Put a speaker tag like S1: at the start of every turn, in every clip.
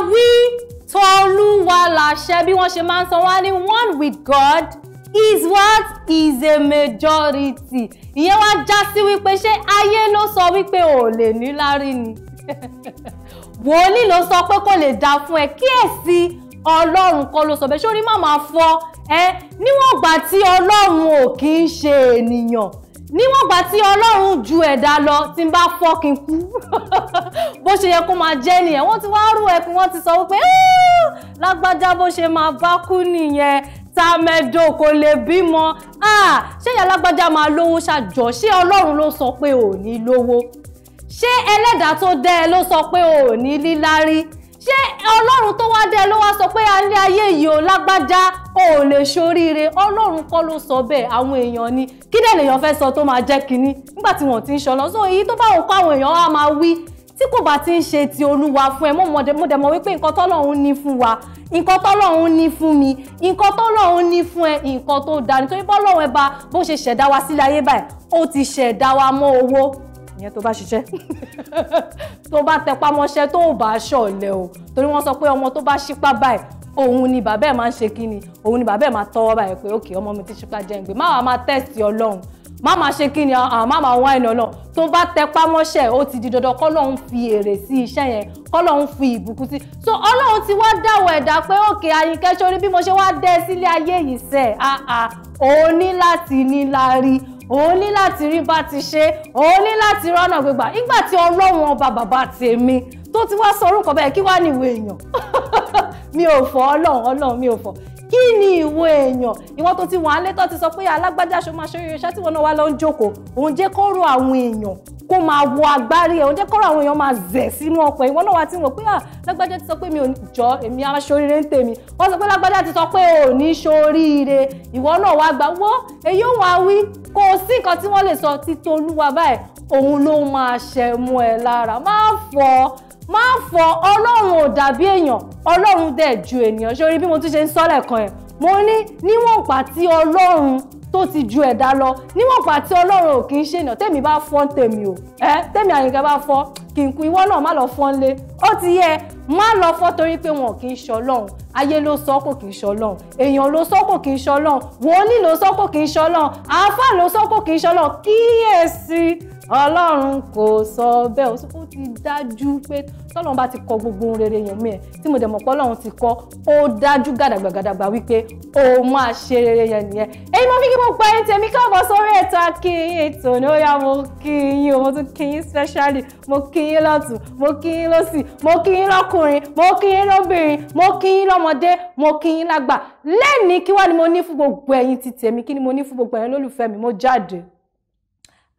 S1: wí tolúwa làṣẹ bí wọ́n ṣe máa ń sọ wá ní one with God is what is a majority ìyẹn wá já sí wípé ṣé ayé ló sọ wípé ò lè níláárí ni wòlíì ló sọ pé kò lè dáa fún ẹ kíyèsí ọlọ́run kọ́ ló sọ bẹ́ẹ̀ sórí má máa fọ́ ẹ níwọ̀n ìgbà tí ọlọ́run ò kì í ṣe ènìyàn níwọ̀n gbà tí ọlọ́run ju ẹ̀dá lọ tí n bá fọ́ kí n kú bó ṣe yẹ kó máa jẹ́ nìyẹn wọ́n ti wá rú ẹkùn wọ́n ti sọ wípé lágbájá bó ṣe máa bá kú nìyẹn tàmẹ́dò kò lè bímọ ṣé ìyá lágbájá máa lówó ṣàjọ ṣé ọlọ́run ló sọ pé ò ní lówó ṣé ẹlẹ́dàá tó dẹ́ ẹ ló sọ pé ò ní lílárí ṣé ọlọ́run tó wá dé ló wá sọ pé alẹ́ ayé yìí ò lágbájá ò lè ṣoríire ọlọ́run kọ́ ló sọ bẹ́ẹ̀ àwọn èèyàn ni kí dẹ̀ lèèyàn fẹ́ sọ tó máa jẹ́ kinní nígbà tí wọ́n ti ń ṣọlọ́ so èyí tó bá wò kó àwọn èèyàn á máa wí tí kò bá ti ń ṣe ti olúwa fún ẹ mo dẹ̀ mọ̀ wípé nǹkan tọ́lọ́run ní fún wa nǹkan tọ́lọ́run ní fún mi nǹkan tọ́lọ́run ní fún ẹ nǹkan tó dáa nítorí bọ́lọ́run ẹ bá bó ṣe ṣẹ̀dá wa sílẹ̀ ayé báyìí ó ti ṣẹ̀dá wa mọ́ owó ìyẹn tó bá ṣiṣẹ́ tó bá tẹpá mọ́ṣẹ́ tó ò bá ṣọ̀lẹ o torí wọ́n sọ pé ọmọ tó bá ṣípá báyìí òun ni bàbá ẹ̀ máa ń ṣe kí ni òun ni bàbá ẹ̀ máa tọwọ́ báyìí pé òkè ọmọ mi ti ṣípá jẹ́ ń gbé má wàá máa tẹ̀sí ọlọ́run má máa ṣe kí ni má máa wá ẹ̀nà ọlọ́run tó bá tẹpá mọ́ṣẹ́ ó ti di dandan kọ́lọ́run fi èrè sí iṣẹ́ yẹn kọ́lọ́run fi ìbùkún sí so ọlọ́run ti wá dáwọ̀ ẹ̀dá pé òkè Àyìnkẹ́ sórí bí mo ṣe wá dé sílé ayé yìí sẹ́ẹ̀ òun ní láti ní láárí o ní láti rí bá ti ṣe o ní láti rọ́nà gbígbà nígbà tí ọlọ́run ọba bàbá tèmi tó ti wá sọ orúkọ bẹ́ẹ̀ kí wá níwèé èèyàn mi ò fọ́ ọlọ́run ọlọ́run mi ò fọ́ kí ni ìwọ èèyàn ìwọ́n tó ti wà á létọ́ ti sọ pé alágbájá aṣọ máa ṣeré iṣẹ́ tí wọn náà wá lọ ń jókòó òun jẹ́ kó rọ àwọn èèyàn kó máa wọ agbárí ẹ̀ òun jẹ́ kó rọ àwọn èèyàn máa zẹ̀ sínú ọkọ̀ ìwọ́n náà wá ti wọ̀ pé ah, lágbájá ti sọ pé mi ò jọ èmi aṣoríire ń tèmi wọ́n sọ pé lágbájá ti sọ pé ò ní ṣoríire ìwọ náà wá gbà wọ́ èyí òun àwí kò sí nǹkan tí wọ́n lè sọ má fọ ọlọ́run ò dàbí èèyàn ọlọ́run dẹ̀ ju ènìyàn ṣe orí bí mo tún ṣe ń sọ lẹ́ẹ̀kan yẹn mo ní níwọ̀n ìgbà tí ọlọ́run tó ti ju ẹ̀dá lọ níwọ̀n ìgbà tí ọlọ́run ò kì í ṣe èèyàn tèmi bá fọ́ tèmi o ẹ tèmi àyìnkẹ́ bá fọ́ kìnkùn ìwọ náà má lọ fọ́n lé ó ti yẹ má lọ fọ́ torí pé wọn kì í ṣọlọ́run ayé ló sọ kò kì í ṣọlọ́run èèyàn ló sọ kò kì í ṣọlọ́run wòlíì ló sọ kò kì í ṣọlọ́run àáfà ló sọ kò kì í ṣọlọ́run kíyèsí ọlọ́run kò sọ bẹ́ẹ̀ ó ti dájú pé tọ́lọ́run bá ti kọ gbogbo ohun rere yẹn mí ẹ̀ tí mo dẹ̀ mọ̀ pé ti kọ ó dájú gàdàgbàgàdàgbà wípé ó máa ṣe rere yẹn nìyẹn èyí mo fi kí mo gba ẹyin tèmi káàbọ̀ sórí ètò akínyìn ètò ní ó yá mo kí yín o mo tún kí yín specially mo kí kí yín lọ́tún mo kí yín lọ́sì mo kí lọ́kùnrin mo kí yín mo kí lọ́mọdé mo kí lágbà lẹ́ni kí wá ni mo ní fún gbogbo ẹ̀yin ti tèmi kí ni mo ní fún gbogbo ẹ̀yin lólùfẹ́ mi mo jáde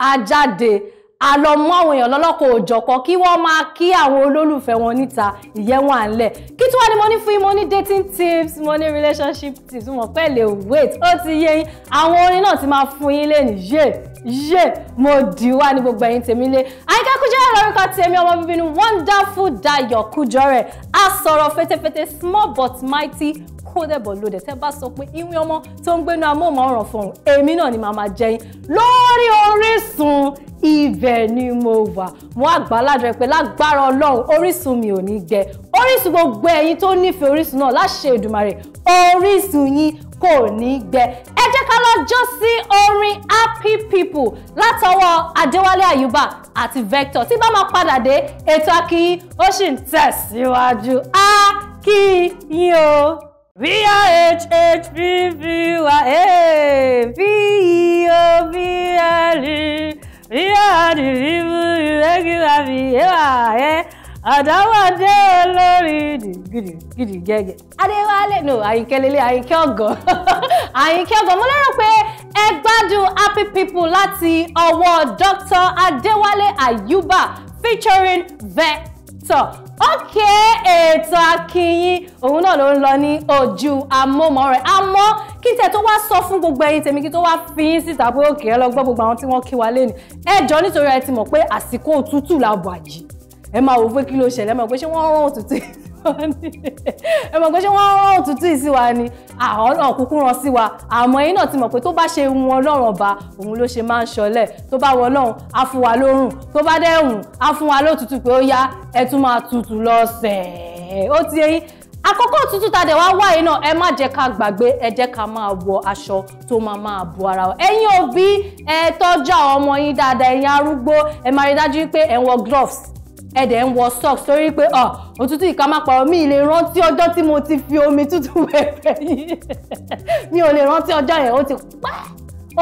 S1: a jáde àlọ́ mú àwọn èèyàn lọ́lọ́kọ̀ òjọ̀kọ̀ kí wọ́n máa kí àwọn olólùfẹ́ wọn níta ìyẹn wà ń kí tí wọ́n ní mo ní fún yín mo ní dating tips mo ní relationship tips mo pẹ̀lẹ́ wait ó ti yé yín àwọn orin náà ti máa fún yín lẹ́nu yé yé mo dì wá ní gbogbo ẹ̀yin tèmi lé Àyìnkẹ́ Kújọrẹ̀ lórúkọ tèmi ọmọ bíbí ni wonderful Dayọ̀ Kújọrẹ̀ a sọ̀rọ̀ fetefete small but mighty kódẹ̀ bọ̀ lódẹ̀ tẹ́ bá sọ pé ìwé ọmọ tó ń gbénu amóhùnmáwòrán fọ̀hún èmi náà ni màá máa jẹ lórí Orísun ibẹ̀ ni mo wà mo àgbàládùn ẹ pé lágbára Ọlọ́run Orísun mi ò ní gbẹ Orísun gbogbo ẹ̀yin tó nífẹ̀ẹ́ Orísun náà láṣẹ Èdùmàrè Orísun yín kò ní gbẹ ẹ jẹ́ ká lọ sí orin happy people látọwọ́ Adéwálé Àyùbá àti Vector tí bá máa padà dé ètò AkiiYin ó sì ń tẹ̀síwájú AkiiYin o. V V V V V V V V V I I I H H A A O L U E D Y Y Y àdáwọ̀dé olórí gidigidi gẹ́gẹ́ adéwálé no àyìnkẹ́ lélẹ̀ àyìnkẹ́ ọ̀gọ́ àyìnkẹ́ ọ̀gọ́ mo lérò pé ẹ gbádùn happy people láti ọwọ́ Dr. adéwálé ayuba featuring Vector ókè ètò akínyìn òun náà ló ń lọ ní ojú amómọ rẹ àmọ́ kí n tẹ tó wá sọ fún gbogbo ẹ̀yin tèmi kí tó wá fi yín síta pé òkè ẹ lọ gbọ́ gbogbo àwọn tí wọ́n kí wa lẹ́nu ẹjọ́ nítorí ẹ ti mọ̀ pé àsìkò òtútù làbọ̀ àjì ẹ máa wò pé kí ló ṣẹlẹ̀ ẹ máa wò pé ṣé wọ́n rán òtútù sọ ni ẹ mọ̀ pé ṣé wọ́n rán òtútù yìí sí wa ni àwọn náà kúkú rán sí wa àmọ́ ẹ̀yin náà ti mọ̀ pé tó bá ṣe wọn ọlọ́run ọba òun ló ṣe máa ń ṣọlẹ̀ tó bá wọ ọlọ́run á fún wa lórùn tó bá dẹ̀ hùn á fún wa lótútù pé ó yá ẹ tún máa tutù lọ́sẹ̀ẹ́ ó ti eyín àkókò òtútù tá a dẹ̀ wá wáyé náà ẹ má jẹ́ ká gbàgbé ẹ jẹ́ ká máa wọ aṣọ tó máa máa bo ara wa ẹ̀yin òbí ẹ tọ́jú àwọn ọmọ yín dáadáa ẹ̀yin arúgbó ẹ máa rí dájú pé ẹ wọ gloves ẹ̀dẹ̀ ń wọ socks torí pé ọ òtútù ìka máa pààrọ̀ mi lè rántí ọjọ́ tí mo ti fi omi tútù wẹ̀wẹ̀ yìí mi ò lè rántí ọjọ́ yẹn ó ti pẹ́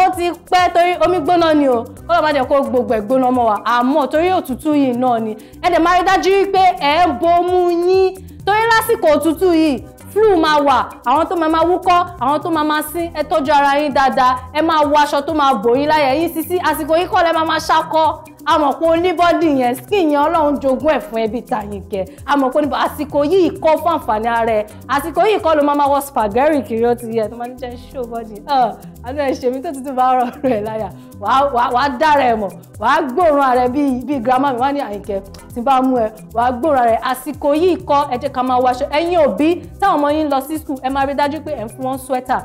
S1: ó ti pẹ́ torí omi gbóná ni o kó lọ́ọ́ má jẹ́ kó gbogbo ẹ̀ gbóná mọ́ wa àmọ́ torí òtútù yìí náà ni ẹ̀dẹ̀ máa rí dájú pé ẹ̀ ń bomú yín torí lásìkò òtútù yìí flu máa wà àwọn tó máa máa wúkọ́ àwọn tó máa máa sín ẹ tọ́jú ara yín dáadáa ẹ máa wọ aṣọ tó máa bò yín láyà yín sísí àsìkò yìí kọ́ lẹ́ máa máa ṣákọ́ a mọ̀ pé oníbọ́dì yẹn skin yẹn ọlọ́run jogún ẹ̀ fún ẹbí tàyínkẹ́ a mọ̀ pé oníbọ́ àsìkò yìí kọ́ fún àǹfààní ara ẹ̀ àsìkò yìí kọ́ ló máa wọ spaghetti kiri ó ti yẹ tó máa ń jẹ́ show body àti ẹ̀ ṣèmi tó tuntun bá rọ̀ rẹ̀ láyà wàá dára ẹ̀ mọ̀ wàá gbóòórùn ara ẹ̀ bíi grandma mi wá ní àyínkẹ́ tí bá mú ẹ wàá gbóòórùn ara ẹ̀ àsìkò yìí kọ́ ẹ jẹ́ ká máa wáṣọ ẹ̀yin òbí táwọn ọmọ yín lọ sí school ẹ máa rí dájú pé ẹ̀ ń fún wọn sweater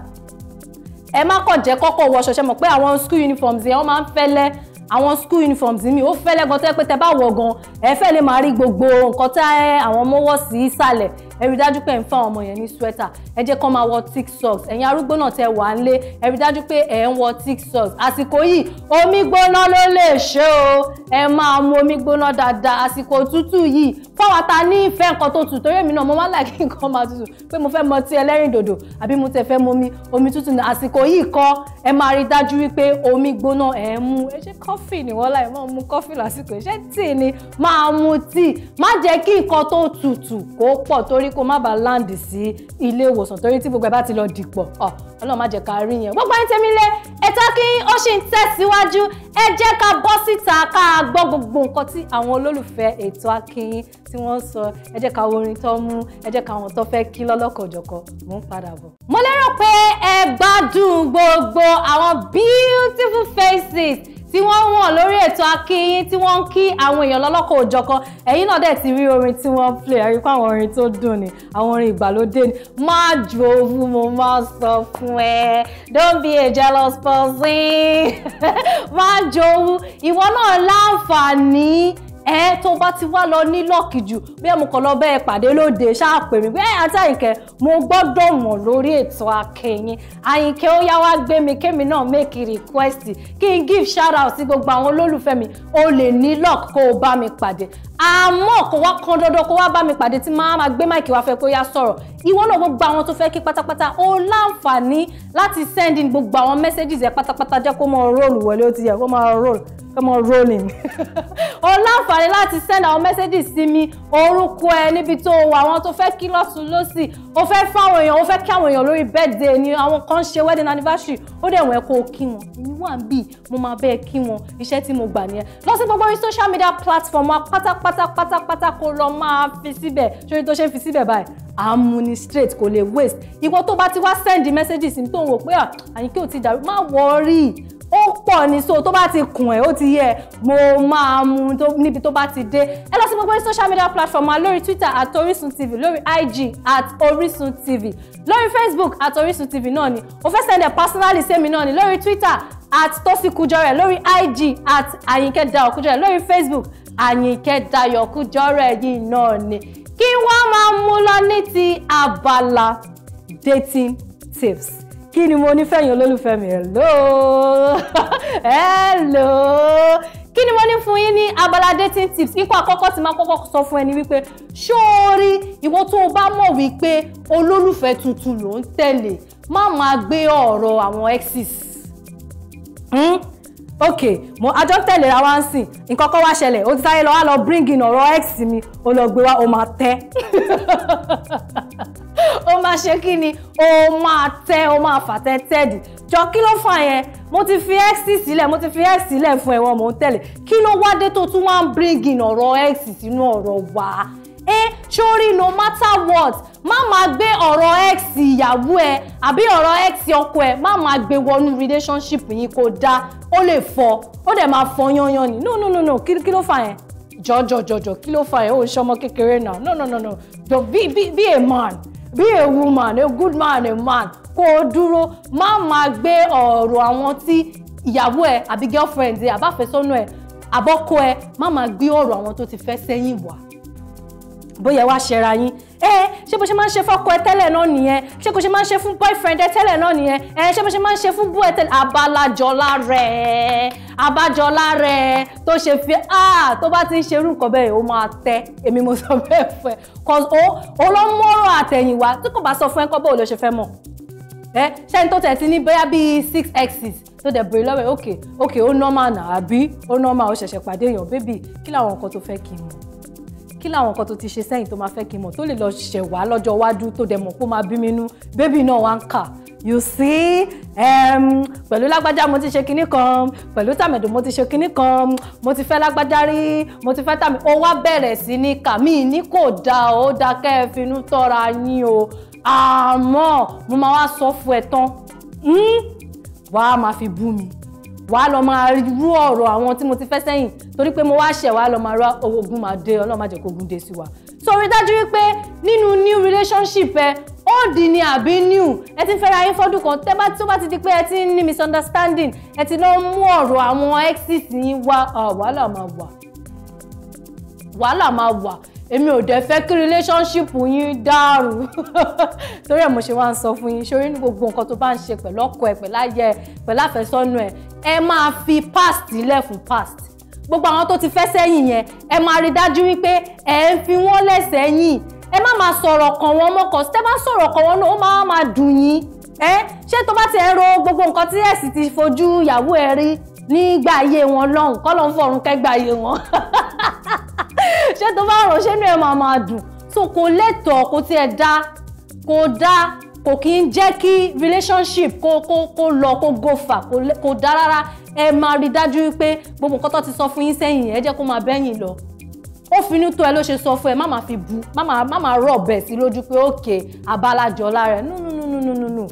S1: ẹ má kàn jẹ́ kọ́kọ́ wọṣọ ṣe mọ̀ pé àwọn school uniforms yẹn wọ́n máa ń fẹ́lẹ́ àwọn school uniforms mi ó fẹ́lẹ́ gan tẹ́ pé tẹ́ bá wọ̀ gan ẹ fẹ́ lè máa rí gbogbo nǹkan tẹ́ àwọn ọmọ wọ̀ sí ìsàlẹ̀ ẹ rí dájú pé ẹ̀ ń fún ọmọ yẹn ní sweater ẹ jẹ́ kó máa wọ thick socks ẹ̀yin arúgbó náà tẹ wà ń lé ẹ rí dájú pé ẹ̀ ń wọ thick socks àsìkò yìí omi gbóná ló lè ṣe o ẹ máa mu omi gbóná dáadáa àsìkò òtútù yìí fáwọn ta ní ìfẹ́ nǹkan tó tù torí èmi náà mo máa ń láì kí nǹkan máa tutù pé mo fẹ́ mọ tí ẹlẹ́rìn dòdò àbí mo tẹ̀ fẹ́ mu omi omi tútù náà àsìkò yìí kọ́ ẹ máa rí dájú wípé omi gbóná ẹ̀ ń mu ẹ ṣe kọ́fì ni wọ́n láì máa mu kọ́fì lásìkò ẹ ṣe tíì ni máa mu tíì má jẹ́ kí nǹkan tó tutù kó pọ̀ torí torí kó má bàa land sí ilé ìwòsàn torí tí gbogbo ẹ bá ti lọ dìpọ̀ ọ ọlọ́run má jẹ́ ká rí yẹn gbogbo ẹni tẹ́mi lé ètò kí ó ṣì ń tẹ̀síwájú ẹ jẹ́ ká bọ́ síta ká gbọ́ gbogbo nǹkan tí àwọn olólùfẹ́ ètò akínyìn tí wọ́n ń sọ ẹ jẹ́ ká orin tó mú ẹ jẹ́ ká àwọn tó fẹ́ kí lọ́lọ́kọ̀jọ̀kọ̀ mò ń padà bọ̀. mo lérò pé ẹ gbádùn gbogbo àwọn beautiful faces tí wọ́n ń wọ̀n lórí ètò akínyìn tí wọ́n ń kí àwọn èèyàn lọ́lọ́kọ̀ òjọ̀kan ẹ̀yin náà dẹ̀ ti rí orin tí wọ́n play ẹ̀rí pé àwọn orin tó dùn ni àwọn orin ìgbàlódé ni má jòwú mo máa sọ fún ẹ don't be a jealous person má jòwú ìwọ náà láǹfààní ẹ tó bá ti wá lọ ní lọ́ọ̀kì jù bí ẹ mo kàn lọ bẹ́ẹ̀ pàdé lóde ṣáàpè mi bẹ́ẹ̀ àti àyìnkẹ́ mo gbọ́dọ̀ mọ̀ lórí ètò akẹ́yìn àyìnkẹ́ ó yá wá gbé mi kémi náà make request kí n give shout out sí gbogbo àwọn olólùfẹ́ mi o lè ní lọ́ọ̀kì kó o bá mi pàdé àmọ́ kò wá kan dandan kó wá bá mi pàdé tí máa ma gbé máìkì wá fẹ́ kó yá sọ̀rọ̀ ìwọ náà gbogbo àwọn tó fẹ́ kí pátápátá ó láǹfààní láti send in gbogbo àwọn messages ẹ̀ pátápátá jẹ́ kó máa roll wọlé ó ti yẹ kó máa roll come on rolling o láǹfààní láti send àwọn messages sí mi orúkọ ẹ níbi tó o wà àwọn tó fẹ́ kí lọ́sùn lọ́sì o fẹ́ fáwọn èèyàn o fẹ́ kí àwọn èèyàn lórí birthday ni àwọn kan ṣe wedding anniversary ó dẹ̀ wọ́n ẹ kó o kí wọn èmi wà ń bì mo máa bẹ́ẹ̀ kí wọn iṣẹ́ tí mo gbà nìyẹn lọ sí gbogbo orí social media platform wa pátápátá pátápátá kó lọ máa fi síbẹ̀ ṣé tó ṣe ń fi síbẹ̀ báyìí àmúni straight kò lè waste ìwọ tó bá ti wá send messages ní tó ń wò pé àyìnkí ò ti dàrú má wọ́ọ́rì ó pọ̀ ní so tó bá ti kùn ẹ̀ ó ti yẹ mo máa mu níbi tó bá ti dé ẹ lọ sí gbogbo ní social media platform wa lórí Twitter at Orisun TV lórí IG at Orisun TV lórí Facebook at Orisun TV náà ni o fẹ́ send ẹ̀ personally sẹ́mi náà ni lórí Twitter at Tosin Kujore lórí IG at Ayinke Dayo Kujore lórí Facebook Ayinke Dayo Kujore yìí náà ni kí wọ́n máa mú lọ ní ti abala dating tips kí ni mo nífẹ̀yìn olólùfẹ́ mi hello hello kí ni mo ní fún yín ní abala dating tips ipò àkọ́kọ́ tí máa kọ́kọ́ sọ fún ẹni wípé ṣóorí ìwọ tó o bá mọ̀ wípé olólùfẹ́ tuntun ló ń tẹ̀lé má máa gbé ọ̀rọ̀ àwọn exes hmm? ok mo àjọ tẹ̀lé ra wá ń sìn nǹkan kan wá ṣẹlẹ̀ ó ti sáré lọ wá lọ bring in ọ̀rọ̀ ex mi ó lọ gbé wá ó máa tẹ́ ó máa ṣe kí ni ó máa tẹ́ ó máa fàtẹ́ tẹ́ẹ̀dì jọ kí ló fà yẹn mo ti fi x sílẹ̀ mo ti fi x sílẹ̀ fún ẹ̀wọ̀n mò ń tẹ̀lé kí ló wá dé tó tún wá ń bring in ọ̀rọ̀ x sínú ọ̀rọ̀ wa ẹ sórí no matter what má máa gbé ọ̀rọ̀ x ìyàwó ẹ àbí ọ̀rọ̀ x ọkọ ẹ má máa gbé wọnú relationship yìí kó dá ó lè fọ́ ó dẹ̀ máa fọ́ yányán ni no no no no kí ló fà yẹn jọjọjọjọ kí ló fà yẹn ó ń ṣọmọ kékeré náà no no no no be be be a man be a woman a good man a man kó o dúró má máa gbé ọ̀rọ̀ àwọn tí ìyàwó ẹ àbí girlfriend ẹ àbáfẹ́sọ́nà ẹ àbọ́kọ ẹ má máa gbé ọ̀rọ̀ àwọn tó ti fẹ́ sẹ́yìn wá bóyá wá ṣẹra yín ẹ eh, ṣé bó ṣe máa ń ṣe fọ́kọ ẹ tẹ́lẹ̀ náà nìyẹn ṣé kò ṣe máa ń ṣe fún boyfriend ẹ tẹ́lẹ̀ náà nìyẹn ẹ eh, ṣé bó ṣe máa ń ṣe fún bú ẹ tẹ́lẹ̀ abalajọlá rẹ abájọlá rẹ tó ṣe fi ah tó bá ti ń ṣerú nǹkan bẹ́ẹ̀ ó máa tẹ́ èmi mo sọ bẹ́ẹ̀ fẹ́ cause o ó lọ mọ́rọ̀ àtẹ̀yìnwá tí kò bá sọ fún ẹ kọ́ bóòlù ṣe fẹ́ mọ̀ ẹ eh, ṣẹ́ni tó tẹ̀ ní bóyá bíi six x's. tó dẹ̀ bèrè lọ́wọ́ ẹ̀ okay okay ó normal náà àbí ó normal ó ṣẹ̀ṣẹ̀ pàdé èèyàn bébì kí làwọn nǹkan tó fẹ́ kí n mọ̀ kí làwọn nǹkan tó ti ṣe sẹ́yìn tó máa fẹ́ kí n mọ̀ tó lè lọ ṣẹ̀ wá lọ́jọ́ iwájú tó dẹ̀ mọ̀ kó máa bí mi nú bébì náà wá ń kà you see um, pẹ̀lú lágbájá mo ti ṣe kinní kan pẹ̀lú tàmẹ̀dò mo ti ṣe kinní kan mo ti fẹ́ lágbájá rí mo ti fẹ́ tàmẹ̀ ó wá bẹ̀rẹ̀ sí ní kàmí ní kò dáa ó dáa kẹ́ tọ́ra yín o àmọ́ mo máa wá sọ fún ẹ tán hmm? wàá máa fi bú mi wà á lọ máa rú ọ̀rọ̀ àwọn tí mo ti fẹ́ sẹ́yìn torí pé mo wá ṣẹ̀ wà á lọ máa rú owó ogun máa dé ọlọ́run má jẹ́ kó ogun dé sí wa so rí dájú wípé nínú new relationship ẹ old ni àbí new ẹ ti ń fẹ́ra yín fọ́dún kan tẹ́ bá tó bá ti di pé ẹ ti ní misunderstanding ẹ ti lọ mú ọ̀rọ̀ àwọn exes yín wá wàhálà máa wà wàhálà máa wà èmi ò dẹ̀ fẹ́ kí relationship yín dàrú torí ẹ̀ mo ṣe wá ń sọ fún yín ṣorí ní gbogbo nǹkan tó bá ń ṣe pẹ̀lú ọkọ ẹ̀ pẹ̀lú ayé ẹ̀ pẹ̀lú àfẹ́sọ́nù ẹ̀ ẹ máa fi past lẹ̀ fún past gbogbo àwọn tó ti fẹ́ sẹ́yìn yẹn ẹ máa rí dájú wípé ẹ ń fi wọ́n lẹ̀ sẹ́yìn ẹ má máa sọ̀rọ̀ kàn wọ́n mọ́kàn tẹ́ bá sọ̀rọ̀ kàn wọ́n náà ó máa máa dùn yín ẹ ṣé tó bá ti ẹ ro gbogbo nǹkan tí ẹ̀sìn ti fojú ìyàwó ẹ rí nígbà ayé wọn lọ́hùn kọ́ ló ń fọ̀run kẹ́gbà ayé wọn ṣé tó bá rò ṣé inú ẹ̀ máa máa dùn so kò lẹ́tọ̀ọ́ kò tiẹ̀ dá kò dá kò kí ń jẹ́ kí relationship kó kó kó lọ kó go far kò dá rárá ẹ máa rí dájú pé gbogbo nǹkan tó ti sọ fún yín sẹ́yìn ẹ jẹ́ kó máa bẹ́yìn lọ ó finú tó ẹ ló ṣe sọ fún ẹ má máa fi bu má máa rọ̀ bẹ̀ sí lójú pé òkè abalájọ lára ẹ nùnùnùnùnùnù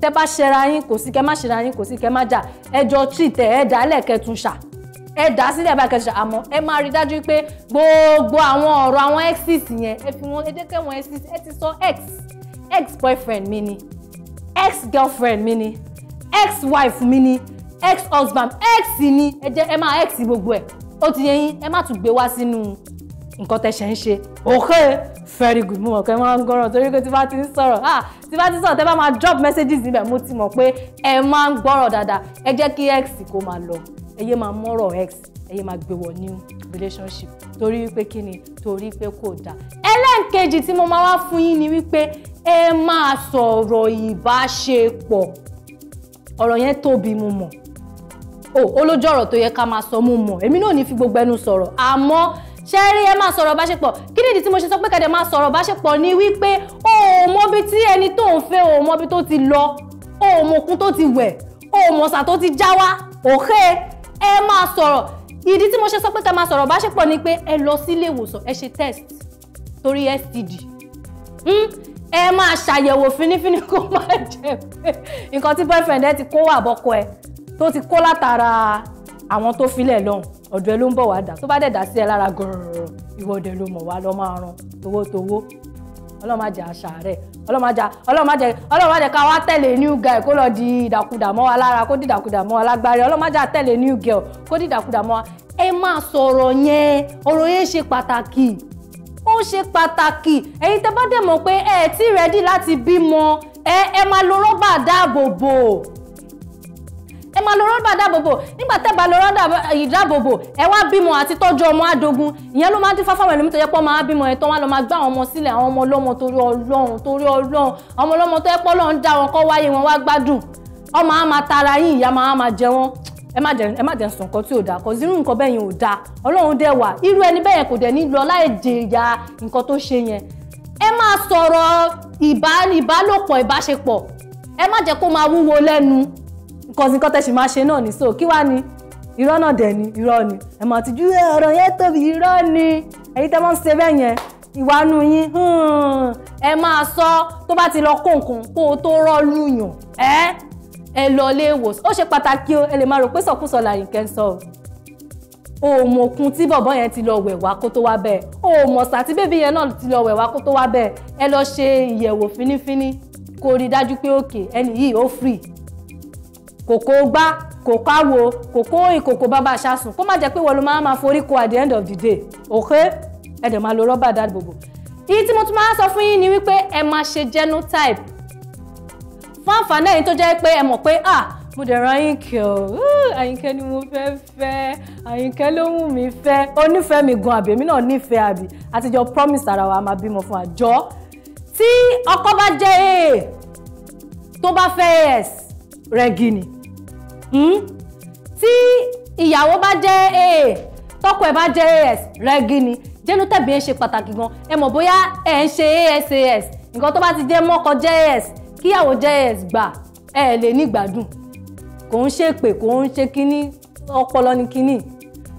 S1: tẹ́ bá ṣẹra yín kò sí kẹ́ má ṣẹra yín kò sí kẹ́ má jà ẹjọ́ tìtẹ̀ ẹ̀dá lẹ́ẹ̀kẹtùnṣà ẹ dá sílẹ̀ bá kẹsàn àmọ́ ẹ máa rí dájú pé gbogbo àwọn ọ̀rọ̀ àwọn exes yẹn ẹ fi wọn edé kẹwọn exes ẹ ti sọ ex ex boyfriend mi ni ex girlfriend mi ni ex wife mi ni ex husband ex ni ẹ jẹ́ ẹ máa ex gbogbo ẹ̀ ó ti yẹ yín ẹ má tún gbé wá sínú nǹkan tẹ̀sẹ̀ ń ṣe òkè very good mo mọ̀ pé máa ń gbọ́ràn torí pé tí bá ti ń sọ̀rọ̀ ah tí bá ti sọ̀rọ̀ tẹ́ bá máa drop messages níbẹ̀ mo ti mọ̀ pé ẹ máa ń gbọ́ràn dáadáa ẹ jẹ́ kí x kó máa lọ ẹ yé máa mọ́rọ̀ x ẹ yé máa gbé wọ new relationship torí wípé kí ni torí pé kò dáa ẹlẹ́ǹkejì tí mo máa wá fún yín ni wípé ẹ máa sọ̀rọ̀ ìbáṣepọ̀ ọ̀rọ̀ yẹn tóbi mo mọ̀ o oh, olójú ọ̀rọ̀ tó yẹ ká máa sọ mo mọ̀ èmi náà ní fi gbogbo ẹnu sọ̀rọ̀ àmọ́ ṣe rí ẹ máa sọ̀rọ̀ báṣepọ̀ kí nìdí tí mo ṣe sọ pé kàdé máa sọ̀rọ̀ báṣepọ̀ ni wípé o ò mọbi tí ẹni tó ń fẹ́ o ò mọbi tó ti lọ o ò mọkun tó ti wẹ̀ o ò mọ̀sà tó ti já wá òkè ẹ máa sọ̀rọ̀ ìdí tí mo ṣe sọ pé ká máa sọ̀rọ̀ báṣepọ̀ ni pé ẹ lọ sílé ìwòsàn ẹ ṣe test torí STD hmm? ẹ máa ṣàyẹ̀wò fínífíní kó má jẹ́ pé nǹkan tí boyfriend ẹ ti kó wà bọ́kọ ẹ tó ti kó látara àwọn tó filẹ̀ lọ́hùn ọ̀dọ̀ ẹ ló ń bọ̀ wá dà tó bá dẹ̀ dà sí ẹ lára gọ̀rọ̀ ìwọ ọ̀dọ̀ ẹ ló mọ̀ wá lọ́ máa ran towó towó ọlọ́màjà àṣàrẹ̀ ọlọ́màjà ọlọ́màjà ọlọ́màjà ká wá tẹ̀lé new guy kó lọ di ìdàkudà mọ́ wa lára kó dìdàkudà mọ́ wa lágbárí ọlọ́màjà tẹ̀lé new girl kó dìdàkudà mọ́ wa ẹ máa sọ̀rọ̀ yẹn ọ̀rọ̀ yẹn ṣe pàtàkì ó ṣe pàtàkì ẹ̀yin tẹ́ bá dẹ̀ mọ̀ pé ẹ ti rẹ́dí láti bímọ ẹ ẹ máa lo rọ́bà dáàbò ẹ máa lọ rọ́ndà dáàbòbò nígbà tẹ́ bá lọ rọ́ndà eh, ìdáàbòbò ẹ wá bímọ àti tọ́jú ọmọ àdógún ìyẹn ló máa ń fáfáwọn máa bímọ ẹ̀ tán lọ máa gbá àwọn ọmọ sílẹ̀ ọmọ ọlọ́mọ torí ọlọ́run torí ọlọ́run ọmọ ọlọ́mọ tó dá wọn kọ́ wáyé wọn wá gbádùn ọmọ á máa tara yín ìyá máa máa jẹ wọn jẹ ẹ lọ ẹ máa sọ̀rọ̀ ìbálòpọ̀ ìbáṣepọ̀ ẹ má nǹkan tẹ̀sí máa ṣe náà ní so kí wàá ní irọ́ náà dẹ̀ ni irọ́ ni ẹ̀ mà ti ju ọ̀rọ̀ yẹn tóbi irọ́ ni èyí tẹ́ wọ́n ń ṣe bẹ́ẹ̀ yẹn ìwánu yín hmm, ẹ máa sọ tó bá ti lọ kó kó o tó rọ́ọ̀lù yàn ẹ́ ẹ lọ ilé ìwòsàn ó ṣe pàtàkì o ẹ lè máa rò pé sọkúsọ làyìnkẹ́ ń sọ o ò mọ̀ òkun tí bọ̀bọ̀ yẹn ti lọ wẹ̀ wá kó tó wá bẹ́ẹ̀ o ò mọ̀ sàtí bébí yẹn náà ti lọ wẹ̀ wá kó tó wá bẹ́ẹ̀ ẹ lọ ṣe ìyẹ̀wò fínífíní kó rí dájú pé òkè ẹni yìí ó free kòkó gbá kòkó àwo kòkó ìkòkó bàbá aṣáṣùn kó má jẹ́ pé wọ́n ló máa máa forí ko at the end of the day okay ẹ dẹ̀ máa lo rọ́bà dáàbòbò èyí tí mo tún máa sọ fún yín ni wípé ẹ máa ṣe genotype fún àǹfààní ẹ̀yin tó jẹ́ pé ẹ mọ̀ pé ah mo dẹ̀ ran àyìnkẹ́ o àyìnkẹ́ ni mo fẹ́ fẹ́ àyìnkẹ́ ló wù mí fẹ́ ó nífẹ̀ẹ́ mi gan àbí èmi náà nífẹ̀ẹ́ àbí àtijọ́ promise ara wa máa bímọ fún àjọ tí ọkọ bá jẹ́ a tó bá fẹ́ as rẹ́gí ni Hmm? tí ìyàwó bá jẹ́ a tọkọ ẹ̀ bá jẹ́ as rẹ́gí ni jẹ́nútẹ̀bí ẹ̀ ṣe pàtàkì gan ẹ mọ̀ bóyá ẹ̀ ń ṣe asas nǹkan tó bá ti jẹ́ mọ́kọ jẹ́ as kíyàwó jẹ́ as gbà ẹ̀ lè ní ìgbádùn kò ń ṣèpè kò ń ṣe kínní ọpọlọ ni kínní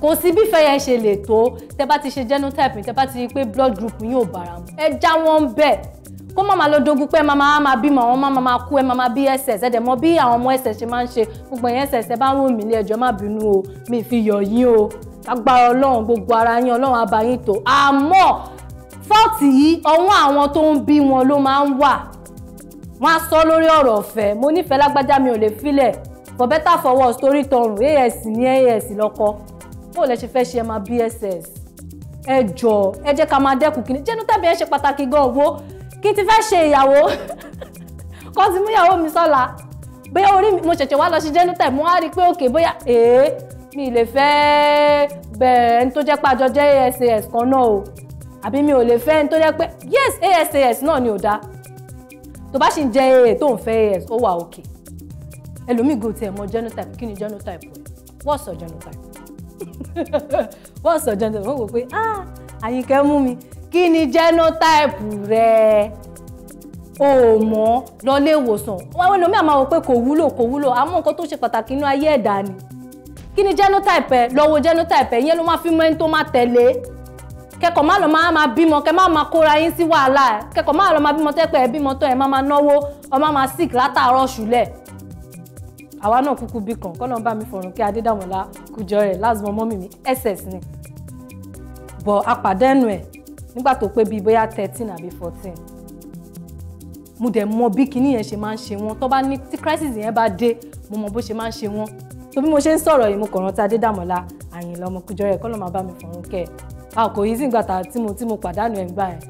S1: kò sí bí fẹ́yẹ ṣe lè tó tẹ bá ti ṣe genotype tẹ bá ti rí pé blood group yín ò bára mu ẹ já wọn bẹ́ẹ̀ kó má máa lọ dogun pé má máa máa bímọ àwọn má máa máa kú ẹ má máa bí ss ẹ dẹ̀ mọ̀ bí àwọn ọmọ ss ṣe máa ń ṣe gbogbo ẹ̀yẹn ss ẹ bá ń wò mí ní ẹjọ́ má bínú o mi fi yọ̀ yín o agbára ọlọ́run gbogbo ara yín ọlọ́run á bá yín tò àmọ́ fọ́ọ̀tì yìí ọwọ́ àwọn tó ń bí wọn ló máa ń wà wọ́n á sọ lórí ọ̀rọ̀ ọ̀fẹ́ mo nífẹ̀ẹ́ lágbájá mi ò lè filẹ̀ for better for worse torí tọrùn as ní as lọ́kọ́ bó lẹ ṣe fẹ́ ṣe ẹ máa bss ẹ jọ ẹ jẹ́ ká máa dẹ́kun kìíní jẹ́nu tàbí ẹ ṣe pàtàkì gan wo kí n ti fẹ́ ṣe ìyàwó kọ́ ti mú ìyàwó mi sọ́la bóyá orí mi mo ṣẹ̀ṣẹ̀ wá lọ sí genotype mo wá rí i pé òkè bóyá èé mi lè fẹ́ bẹ̀rẹ̀ ẹni tó jẹ́ pé àjọ jẹ́ asas kan náà o àbí mi ò lè fẹ́ ẹni tó jẹ́ pé yes asas náà ni ò dáa tó bá sì ń jẹ́ aa tó ń fẹ́ as ó wà òkè ẹlòmíì go tiẹ̀ mọ genotype kí ni genotype o what's your genotype what's your genotype wọ́n wò pé ah àyìnkẹ́ mú mi kí ni genotype rẹ o mọ̀ lọ lé ìwòsàn àwọn ènìyàn máa wò pé kò wúlò kò wúlò àmọ́ nǹkan tó ṣe pàtàkì inú ayé ẹ̀dá ni kí ni genotype ẹ lọ wo genotype ẹ ìyẹn ló máa fi mọ ẹni tó máa tẹ̀lé kẹkọ̀ọ́ má lọ máa máa bímọ kẹ má máa kóra yín sí wàhálà ẹ kẹkọ̀ọ́ má lọ máa bímọ tẹ́pẹ́ ẹ bímọ tán ẹ má máa náwó ọ má máa sick látàárọ̀ ṣùlẹ̀ àwa náà kúkú bí kan kọ́ bá mi fọ̀rùn kí adédàmọ́lá kùjọ rẹ̀ lásìmọ́ mọ́mì mi ss ni bọ̀ apàdánù ẹ̀ nígbà tó pé bíi bóyá thirteen àbí fourteen mo dẹ̀ mọ bí kinní yẹn ṣe máa ń ṣe wọ́n tó bá ní tí crisis yẹn bá dé mo mọ bó ṣe máa ń ṣe wọ́n tó bí mo ṣe ń sọ̀rọ̀ yìí mo kàn rántí Adédàmọ́lá Àyìnlá Ọmọkújọrẹ́ kọ́ ló máa bá mi fọ̀rún kẹ́ ẹ̀ a kò yí sí ìgbà tí mo tí mo pàdánù ẹ̀ gbà yẹn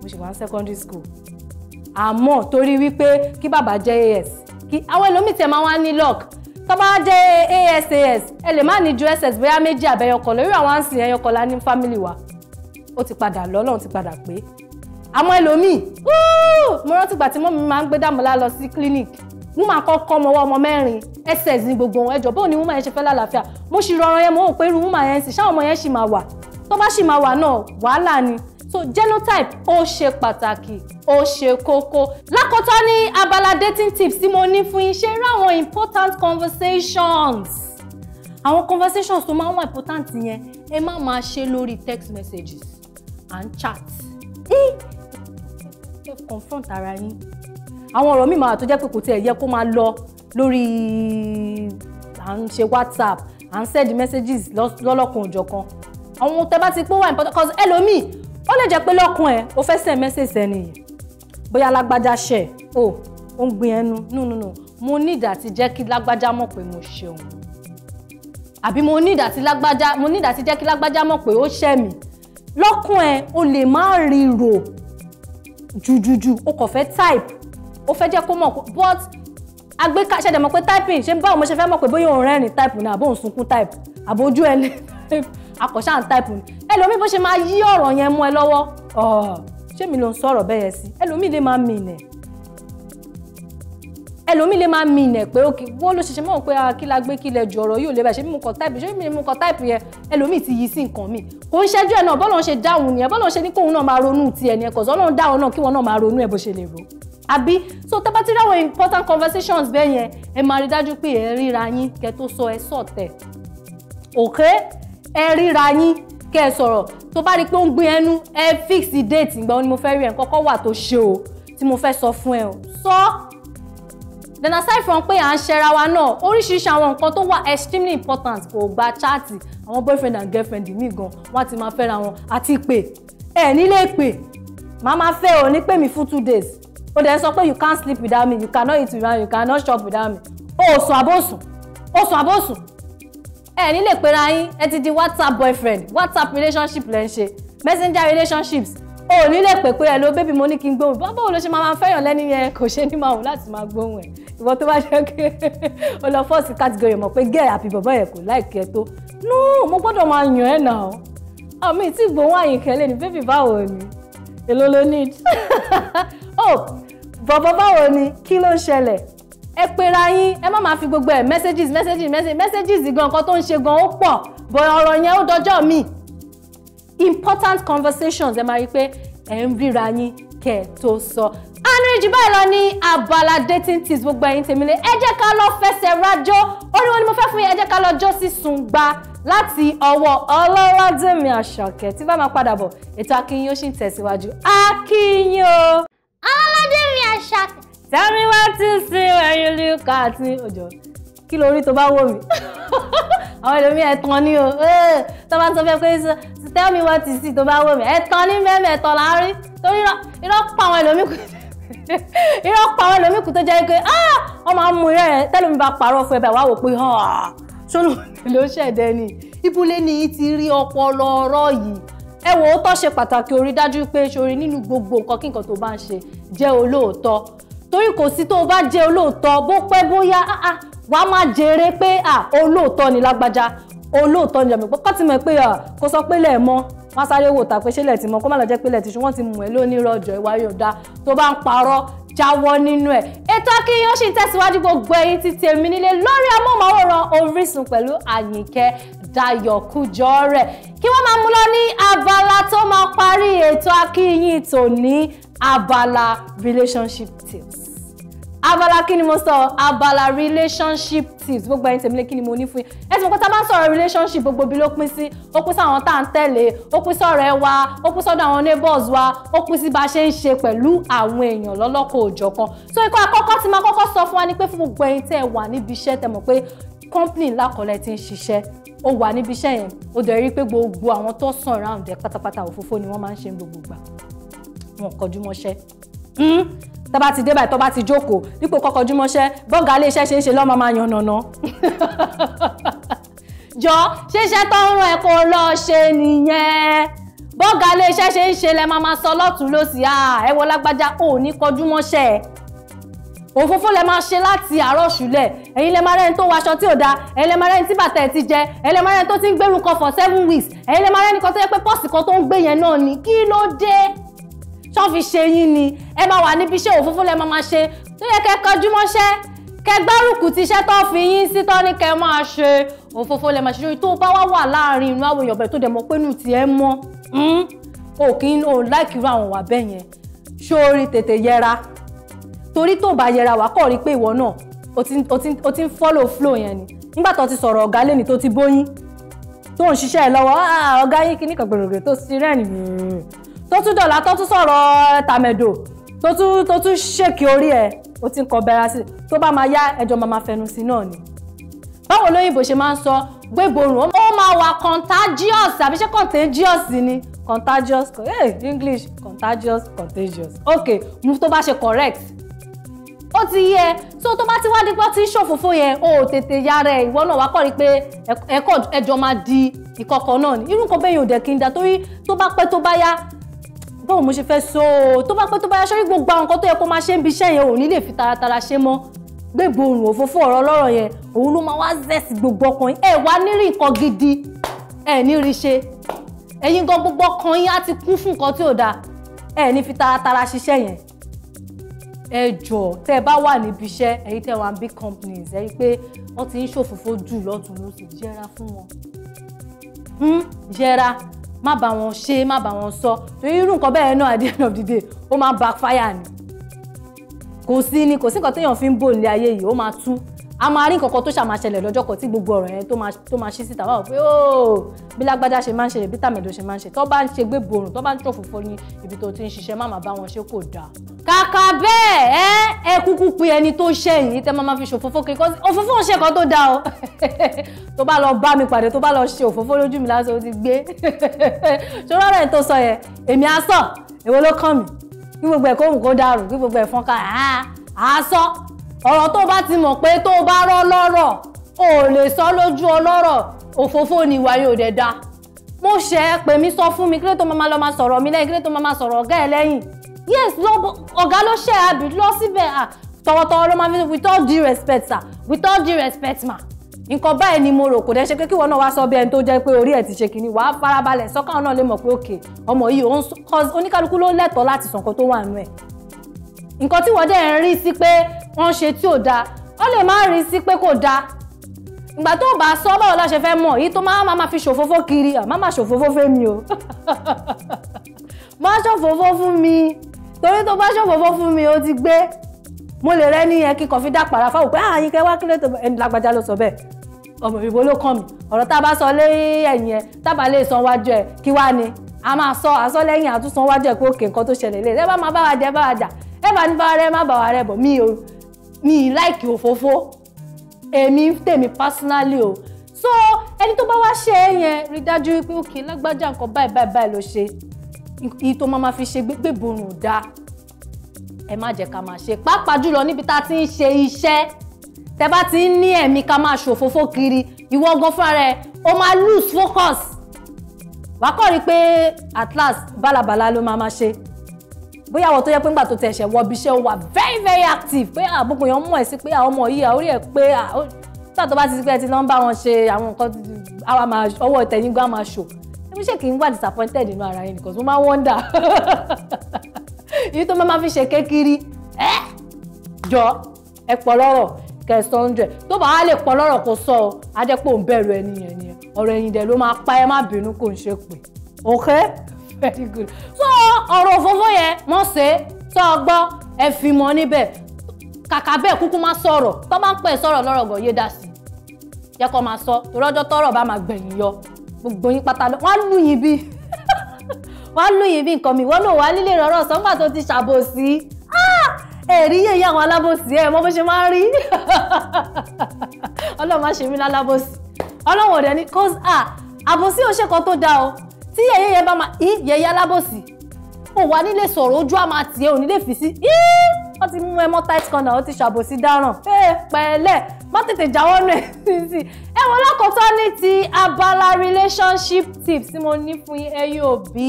S1: mo ṣì wá secondary school àmọ́ torí wípé kí bàbá jẹ́ as kí àwọn ẹlòmíì tẹ̀ máa wá ní luck tó bá jẹ́ asas ẹ lè má ní ju ss bóyá méjì àbẹ̀yọkọ̀ lórí àwọn àǹsìn ẹyọkọ̀ lá ní family wa ó ti padà lọ ọlọ́run ti padà pé àmọ́ ẹlòmíì mo rántí gbà tí mọ́ máa ń gbé Dàmọ́lá lọ sí clinic wọ́n máa kọ́kọ́ mọ ọmọ mẹ́rin ẹsẹ̀ ní gbogbo wọn ẹjọ́ bóun ni wọ́n máa ṣe fẹ́ lálàáfíà mo sì rọrọ yẹn mo ò pé irú wọ́n máa yẹn sì ṣáwọn ọmọ yẹn sì máa wà tó bá sì máa wà náà wàhálà ni so genotype ó ṣe pàtàkì ó ṣe kókó lákòótọ́ ní abala dating tips tí mo ní fún yín ṣe rí àwọn important conversations àwọn conversations tó máa ń wà important yẹn ẹ má máa ṣe lórí text messages And chat ẹ confront ara yín àwọn ọ̀rọ̀ mi máa tó jẹ́ pé kò tiẹ̀ yẹ kó máa lọ lórí à ń ṣe whatsapp à ń send messages lọ́lọ́kan òjọ̀kan àwọn ohun tẹ bá ti pé wà important cause ẹlòmíì ó lè jẹ́ pé lọ́kùn ẹ̀ o fẹ́ send message ẹni yìí bóyá lágbájá ṣe o ò ń gbin ẹnu no no no mo need àti jẹ́ kí lágbájá mọ̀ pé mo ṣe òun àbí mo need àti lágbájá mo need àti jẹ́ kí lágbájá mọ̀ pé ó ṣẹ̀ mí lọ́kàn ẹ o lè má rí rò jùjùjù o kò fẹ́ type o fẹ́ jẹ́ kó mọ̀ but agbéka ṣẹ̀dẹ̀ mọ̀ pé typing ṣe ń bá ọmọ ṣe fẹ́ mọ̀ pé bóyá òun rẹ́rìn type ni àbóhùn sunkún type àbójú ẹ̀ akọ̀ṣà ń type ni ẹlòmíì bó ṣe máa yí ọ̀rọ̀ yẹn mú ẹ lọ́wọ́ ṣé mi ló ń sọ ọ̀rọ̀ bẹ́ẹ̀ yẹn sí ẹlòmíì lè máa mìnẹ̀ ẹlòmíì lè máa mi ìnẹ̀ pé òkè wọ́n ló ṣiṣẹ́ mọ́ pé ah, kí la gbé kí lẹ ju ọ̀rọ̀ yóò lè bá ṣe mímú kan táìpù ṣe mímú kan táìpù yẹn ẹlòmíì ti yí sí nǹkan míì kò ń ṣẹ́jú ẹ̀ náà bọ́lọ̀ ń ṣe dáhùn nìyẹn bọ́lọ̀ ń ṣe ní kóun náà máa ronú tiẹ̀ nìyẹn kọ̀ọ̀sọ́ náà dáhùn náà kí wọ́n náà máa ronú ẹ̀ bó ṣe lè rò àbí so tẹ́ bá ti ráwọn important conversations bẹ́ẹ̀ yẹn ẹ máa rí dájú pé ẹ ríra yín kẹ tó sọ ẹ sọ̀tẹ̀ òkè ẹ ríra yín kẹ ẹ sọ̀rọ̀ tó bá rí i pé ó ń gbin ẹnu ẹ fix date ìgbà wo ni mo fẹ́ then aside from pé à ń ṣẹra wa náà oríṣiríṣi àwọn nǹkan tó wà extremely important kò gba chaati àwọn boyfriend and girlfriend mi gan wọ́n ti máa fẹ́ra wọn àti pé ẹ nílé pé màá máa fẹ́ ò ní pè mí fún two days ó dẹ̀ sọ pé you can't sleep without me you cannot eat without me you cannot shop without me ó sùn àbòsùn ó sùn àbòsùn ẹ nílé pera yín ẹ ti di whatsapp boyfriend whatsapp relationship lẹ́ ń ṣe messenger relationships o ò ní lè pè pé ẹ ló bébì mo ní kí n gbóhùn bá báwo ló ṣe máa fẹ́yàn lẹ́ni yẹn kò ṣe ní máa wù láti máa gbóhùn ẹ̀ ìwọ tó bá jẹ́ pé o lọ fọ́ọ̀sì category mọ̀ pé gẹ́ẹ̀ àbí bọ̀bọ̀ yẹn kò láìkí ẹ tó nú mo gbọ́dọ̀ máa yàn ẹ̀ nà ọ́ àmì tí gbóhùn àyìnkẹ́ lè ní bébì báwo ni èló ló ní o bọ̀bọ̀ báwo ni kí ló ń ṣẹlẹ̀ ẹ pera yín ẹ má máa fi gbogbo ẹ̀ messages messages messages gan nǹkan tó ń ṣe gan ó pọ̀ bọ̀ ọ̀rọ̀ yẹn ó dọjọ́ míì important conversations ẹ máa rí i pé ẹ ń ríra yín kẹ́ ẹ tó sọ. anrìnjì báyìí lọ ní abala dating tips gbogbo ẹ̀yin tèmílẹ̀ ẹ jẹ́ ká lọ fẹsẹ̀ rájọ́ oríwọ́n ni mo fẹ́ fún yín ẹ jẹ́ ká lọ jó sí sùngbà láti ọwọ́ ọlọ́ládẹ́mi àṣàkẹ́ tí bá máa padà bọ̀ ètò akínyìn ó sì ń tẹ̀síwájú akínyìn o. ọlọ́ládẹ́mi àṣàkẹ́. tell me what you see when you look at me kí lórí tó bá wò mí àwọn ẹlòmíì ẹ̀tàn ni o eh, tó bá sọ fẹ́ pé tell me what you see tó bá wò mí ẹ̀tàn ní mẹ́mẹ́ ẹ̀tàn là rí torí irọ́ pa àwọn ẹlòmíì kù irọ́ pa àwọn ẹlòmíì kù tó jẹ́ pé ah, wọ́n máa ń mú irẹ́ tẹ́lómi bá parọ́ fún ẹ bẹ́ẹ̀ wá wò pé ah, ṣónú ló ṣẹ̀dẹ̀ ni ibùlé ni ti rí ọpọlọ ọ̀rọ̀ yìí ẹ wò ó tọ́ ṣe pàtàkì orí dájú pé ṣorí nínú gbogbo nǹkan kí nǹkan tó bá ń ṣe jẹ́ olóòótọ́ wà á máa jèrè pé à olóòótọ́ ni lágbájá olóòótọ́ ni jàmípọ̀ kọ́ ti mọ̀ pé kò sọ pé lẹ́ẹ̀mọ́ wọ́n sáré wò tà pé ṣẹlẹ̀ ti mọ̀ kó má lọ jẹ́ pé lẹ́ẹ̀tì ṣùgbọ́n ti mọ̀ ẹ́ lónírọ̀jọ̀ ìwà yóò da tó bá ń parọ́ jáwọ́ nínú ẹ̀. ètò Akiiyan ṣì ń tẹ̀síwájú gbogbo ẹ̀yin ti tèmi nílé lórí amóhùnmáwòrán Orísun pẹ̀lú Àyìnkẹ́ Dayọ̀ Kújọrẹ̀ kí wọ́n máa mú lọ ní abala to máa pari eto Akiiyan toni abala relationship tips abala kí ni mo sọ abala relationship tips gbogbo ẹ̀yin tèmi lé kí ni mo ní fún yín ẹ ti tá a bá ń sọ̀rọ̀ relationship gbogbo bí ló pín sí ó pín sáwọn tá à ń tẹ̀lé ó pín sọ̀rọ̀ ẹ wa ó pín sọ́dọ̀ àwọn neighbors wa ó pín sí bá a ṣe ń ṣe pẹ̀lú àwọn èèyàn lọ́lọ́kọ̀ òjọ̀kan so ikọ̀ àkọ́kọ́ tí máa kọ́kọ́ sọ fún wa ni pé fún gbogbo ẹ̀yin tẹ́ ẹ wà níbi iṣẹ́ tẹ́ mọ̀ pé company ńlá kan lẹ ti ń ṣiṣẹ́ ó wà níbi iṣẹ́ yẹn ó dẹ̀ rí pé gbogbo àwọn tó sàn round pátápátá òfófó ni wọ́n máa ń ṣe gbogbo gbà wọn kọjú mọ́ṣẹ́ hmm? tó bá ti dé báyìí tó bá ti jókòó dípò kọkọjú mọ́ṣẹ́ bọ́ọ̀gá ilé iṣẹ́ ṣe ń ṣe lọ́mọ máa yan nànà jọ ṣíṣe tó ń rán ẹ kó lọ ṣe nìyẹn bọ́ọ̀gá ilé iṣẹ́ ṣe ń ṣe lẹ́ máa máa sọ lọ́tún lọ́sì à ẹ wo lágbájá ò ní kọjú òfófó lẹ máa ṣe láti àárọ̀ ṣúlẹ̀ ẹ̀yin lẹ máa rẹ́ni tó waṣọ tí ò da ẹ̀yin lẹ máa rẹ́ni tí bàtà ẹ̀ ti jẹ ẹ̀yin lẹ máa rẹ́ni tó ti ń gbẹ́rù kan for seven weeks ẹ̀yin lẹ máa rẹ́ni kan tó yẹ pé pọ́ọ̀sì kan tó ń gbé yẹn náà ni kí ló dé ṣọ́ fi ṣe yín ni ẹ máa wà níbi iṣẹ́ òfófó lẹ́ máa máa ṣe tó yẹ kẹ́ kọjú mọ́ṣẹ́ kẹ́ gbárùkù ti iṣẹ́ tó fi yín sí tó ní kẹ́ máa ṣe òfófó lẹ́ máa ṣe tó bá wà wà láàrin inú àwọn èèyàn bẹ̀rẹ̀ tó dẹ̀ mọ́ pé nù tiẹ̀ mọ́ o kì í o láìkí irú àwọn wà bẹ́ẹ̀ yẹn ṣóorí tètè yẹra torí tó bá yẹra wà kọ́ rí pé ìwọ náà o ti ń follow flow yẹn ni nígbà tó ti sọ̀rọ̀ ọ̀gá lẹ́ni tó ti bóyín tó ń ṣiṣẹ́ ẹ lọ́wọ́ ah, ọ̀gá yín kí ní kàgbèrègbè tó ti rẹ́rìn tó tún dọ̀là tó tún sọ̀rọ̀ tàmẹ̀dò tó tún tó tún ṣèkì orí ẹ̀ o ti ń kọ bẹ́ra sí tó bá máa yá ẹjọ́ máa máa fẹnu sí náà ni. báwo lóyìnbó ṣe máa ń sọ gbégbòrùn ó máa wà contagious àbí ṣé contagious ni contagious hey, eh, english contagious contagious ok mú tó bá ṣe correct ó ti yẹ so tó bá ti wá dípọ́ tí ṣòfófó yẹn ó tètè yára ẹ̀ ìwọ náà wá kọ́ rí pé ẹ̀kọ́ ẹjọ́ máa di ìkọ̀kọ̀ náà ni irú nǹkan bẹ́ẹ̀ yóò dẹ̀ kí n dá torí tó bá pẹ́ tó bá yá báwo mo ṣe fẹ́ so tó bá fẹ́ tó bá yá sórí gbogbo àwọn nǹkan tó yẹ kó máa ṣe ń bi iṣẹ́ yẹn ò ní lè fi taratara ṣe mọ́ gbégbó òrùn òfófó ọ̀rọ̀ ọlọ́rọ̀ yẹn òun ló máa wá zẹ́sì gbogbo ọkàn yín ẹ wá nírì nǹkan gidi ẹ nírì ṣe ẹ̀yin gan gbogbo ọkàn á ti kún fún nǹkan tí ò dáa ẹ ní fi taratara ṣiṣẹ́ yẹn ẹ jọ tẹ bá wà níbi iṣẹ́ ẹ̀yin tẹ wà ń companies ẹ rí i pé wọ́n ti ń ṣòfófó jù lọ́tún ló sì yẹra fún wọn yẹra hmm? má bá wọn ṣe má bá wọn sọ torí irú nǹkan bẹ́ẹ̀ náà at the end of the day ó máa backfire ni kò sí ni kò sí nǹkan téèyàn fi ń bò nílé ayé yìí ó máa tú a máa rí nǹkan kan tó ṣàmà ṣẹlẹ̀ lọ́jọ́ kan tí gbogbo ọ̀rọ̀ yẹn tó máa ṣí síta wà pé óò bí lágbájá ṣe máa ń ṣẹlẹ̀ bí tàmẹ̀dò ṣe máa ń ṣe tó bá ń ṣe gbé borùn tó bá ń ṣòfófó ní ibi tó ti ń ṣiṣẹ́ má máa bá wọn ṣe kò dáa. kàkà bẹ́ẹ̀ ẹ ẹ kúkú pe ẹni tó ṣẹ̀yìn tẹ́ máa máa fi ṣòfófó kiri kọ́ òfófó ń ṣe kan tó dáa o tó bá lọ bá mi pàdé tó bá lọ ṣe òfófó lójú mi lásán ó ti gbé ṣòro rẹ̀ tó sọ yẹn èmi á èwo ló kàn mí kí gbogbo ẹ̀ kóhùn kó dàrú kí gbogbo ẹ̀ fọ́n ká àá sọ ọ̀rọ̀ tó bá ti mọ̀ pé tó bá rọ́ lọ́rọ̀ o ò lè sọ lójú ọlọ́rọ̀ òfófó ni ìwà yóò dẹ̀ da mo ṣe é pè mí sọ fún mi kílé tó máa lọ máa sọ̀rọ̀ mi lẹ́yìn kílé tó máa sọ̀rọ̀ ọ̀gá ẹ̀ lẹ́yìn yes ọ̀gá ló ṣe àbí lọ síbẹ̀ tọwọ́tọwọ́ ló máa fi with all due respect sir with all due respect ma nǹkan báyìí ni mo rò kò dẹ́ ṣe pé kí wọn náà wá sọ bí ẹni tó jẹ́ pé orí ẹ̀ ti ṣe kìíní wàá farabalẹ̀ sọ́kàn náà lè mọ̀ pé òkè ọmọ yìí oníkálukú ló lẹ́tọ̀ọ́ láti sọ tó wà nù ẹ̀ nǹkan tí wọ́n dẹ̀ ń rí sí pé wọ́n ṣe tí ò dáa ó lè má rí sí pé kò dáa ìgbà tó bá sọ báwo la ṣe fẹ́ èyí tó máa máa fi ṣòfófó kiri máa máa ṣòfófó fẹ́ mi o má ṣòfófó fún mi torí tó bá ṣòfófó fún mi o ti gbé mo lè rẹ ní yẹn kí kọfí dà pàrà fáwọn pé àyìn ah, kẹ wá kílẹ̀ tó ẹni lágbájá ló sọ bẹ́ẹ̀ ọmọ ìbò ló kàn mí ọ̀rọ̀ tá a bá sọ lẹ́yìn ẹ̀yìn ẹ̀ tá lè san wájú ẹ̀ kí wá ni a máa sọ àsọ lẹ́yìn wájú ẹ̀ pé òkè nǹkan tó ṣẹlẹ̀ lé e. ẹ bá máa bá wa jẹ bá wa jà ẹ bá ní bá wa rẹ má bá wa rẹ bọ̀ mí o mi ì láìkì òfófó èmi tèmi personally o so ẹni tó bá wá ṣe é yẹn rí dájú wípé òkè lágbájá nǹkan báyìí báyìí báyìí ló ṣe iye tó máa fi ṣe gbégbèbòrùn dá ẹ má jẹ́ ká máa ṣe pàápàá jùlọ níbi tá a ti ń ṣe iṣẹ́ tẹ bá ti ń ní ẹ̀mí ká máa ṣòfófó kiri ìwọ gan fúnra rẹ o máa lose focus wàá kọ́ rí i pé at last Balabala, ló máa máa ṣe bóyá àwọn tó yẹ pé ńgbà tó ti ẹ̀ṣẹ̀ wọ ibi iṣẹ́ ó wà very very active pé àbúkù yẹn mọ̀ ẹ́ sí pé àwọn ọmọ yìí orí ẹ̀ pé tá tó bá ti pẹ́ ti lọ́n bá wọn ṣe àwọn nǹkan àwa máa ọwọ́ ìtẹ̀yìn gbá máa ṣò ẹbí ṣe kì í wà disappointed nínú ara yẹn nìkan tó máa wonder èyí tó máa fi ṣe kékeré ẹ jọ ẹ pọ̀ lọ́rọ̀ kẹsàn-án hundred tó bá wà lè pọ̀ lọ́rọ̀ kó sọ ọ adẹ́pọ̀ ń bẹ̀rù ẹni yẹn ni ọ̀rọ̀ ẹ̀yìn dẹ̀ ló máa pa ẹ má bínú kò ń ṣe pé okay very good so ọ̀rọ̀ òfófó yẹn mọ̀ ṣe é tọ́ ọ gbọ́ ẹ fi mọ níbẹ̀ kàkà bẹ́ẹ̀ kúkú má sọ̀rọ̀ tọ́ bá ń pẹ́ sọ̀rọ̀ lọ́rọ̀ gan yé dá sí i yẹ kó máa sọ torí ọjọ́ tọ́rọ̀ bá máa gbẹ̀yìn yọ gbogbo yín pátá lọ wọ́n lù yín bí wọ́n lù yín bí nǹkan mi wọ́n náà wà nílé ìrọ̀rọ̀ sọ́gbà tó ti ṣàbòsí ah! ẹ̀rí yẹ̀yẹ́ àwọn alábòsí ẹ̀ mọ bó ṣe máa ń rí ọlọ́run má ṣe mí lálábòsí ọlọ́run ọ̀dẹ̀ ni cause ah àbòsí ò ṣe kan tó dáa o tí yẹ̀yẹ́ yẹn bá máa yẹ̀yẹ́ alábòsí ò nílé sọ̀rọ̀ ojú àmà tiẹ̀ ò nílé fi sí wọ́n ti mú ẹmọ́ tight corner ó ti ṣàbòsí dáràn pẹ̀lẹ́ má tètè jáwọ́ nù ẹ̀ sí ẹ wọ́n lọ́kọ̀ọ́tọ́ ní ti abala relationship tips tí mo ní fún yín ẹ yóò bí